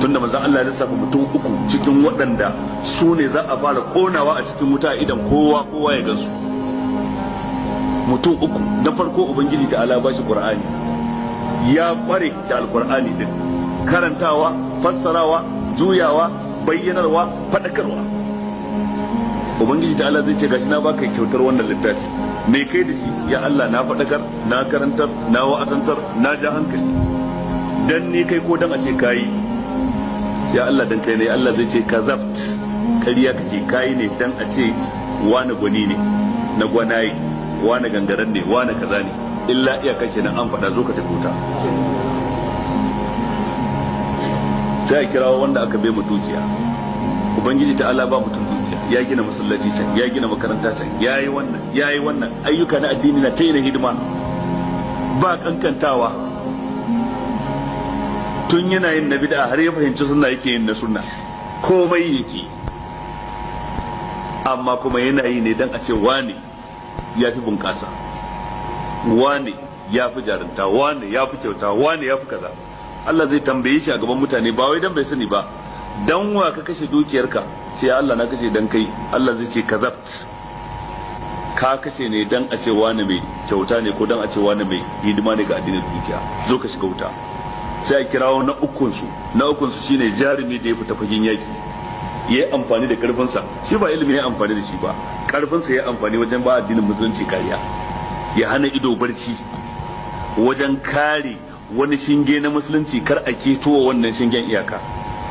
tunda manzon Allah ya lissafa mutum uku cikin waɗanda su ne za a fara konawa a cikin wuta idan kowa kowa ya gansu mutum uku na farko ubangiji da ala bashi qur'ani ya kware da alqur'ani din karantawa fassarawa juyawa bayyanarwa faɗakarwa ubangiji ta ala zai ce gashi na baka kyautar wannan littafi mai kai da shi ya Allah na faɗakar na karantar na wa'azantar na ja hankali dan ne kai ko dan a ce kayi ya Allah dan kai ne Allah zai ce kazaft kariya kake kai ne dan a ce wani gwani ne na gwanaye wani gangaren ne wani kaza ne illa iya kake nan an faɗa zo ka tafi wuta sai a kirawo wanda aka bai mu dukiya ubangiji ta Allah ba mutum dukiya ya gina masallaci can ya gina makaranta can yayi wannan yayi wannan ayyuka na addini na ta hidima ba kankantawa tun yana yin na bid'a har ya fahimci suna yake yin na suna. komai yake amma kuma yana yi ne don a ce wane ya fi bunƙasa wane ya fi jarinta wane ya fi kyauta wane ya fi kaza Allah zai tambaye shi a gaban mutane ba wai dan bai sani ba dan wa ka kashe dukiyarka sai Allah na kashe don kai Allah zai ce kazabt ka kashe ne don a ce wani mai kyauta ne ko don a ce wani mai hidima ne ga addinin dukiya zo ka shiga wuta sai kirawo na ukunsu na ukunsu shine jarumi da ya fita fagen yaki ya yi amfani da karfinsa shi ba ilimi ya amfani da shi ba karfinsa ya amfani wajen ba addinin musulunci kariya ya hana ido barci wajen kare wani shinge na musulunci kar a keto wannan shingen iyaka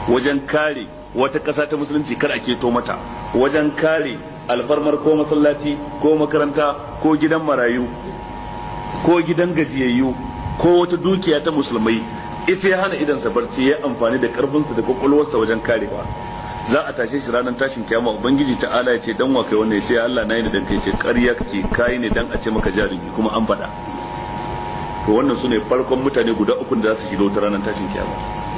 wajen kare wata ƙasa ta musulunci kar a keto mata wajen kare alfarmar ko masallaci ko makaranta ko gidan marayu ko gidan gajiyayyu ko wata dukiya ta musulmai ita ya hana idansa barci ya amfani da karfinsa da kwakwalwarsa wajen karewa za a tashe shi ranar tashin kiyama ubangiji ta ala ya ce dan wa kai wanda ya ce Allah na yi da dankai ce ƙarya kake kai ne dan a ce maka jarumi kuma an faɗa to wannan su ne farkon mutane guda uku da za su shiga wata ranar tashin kiyama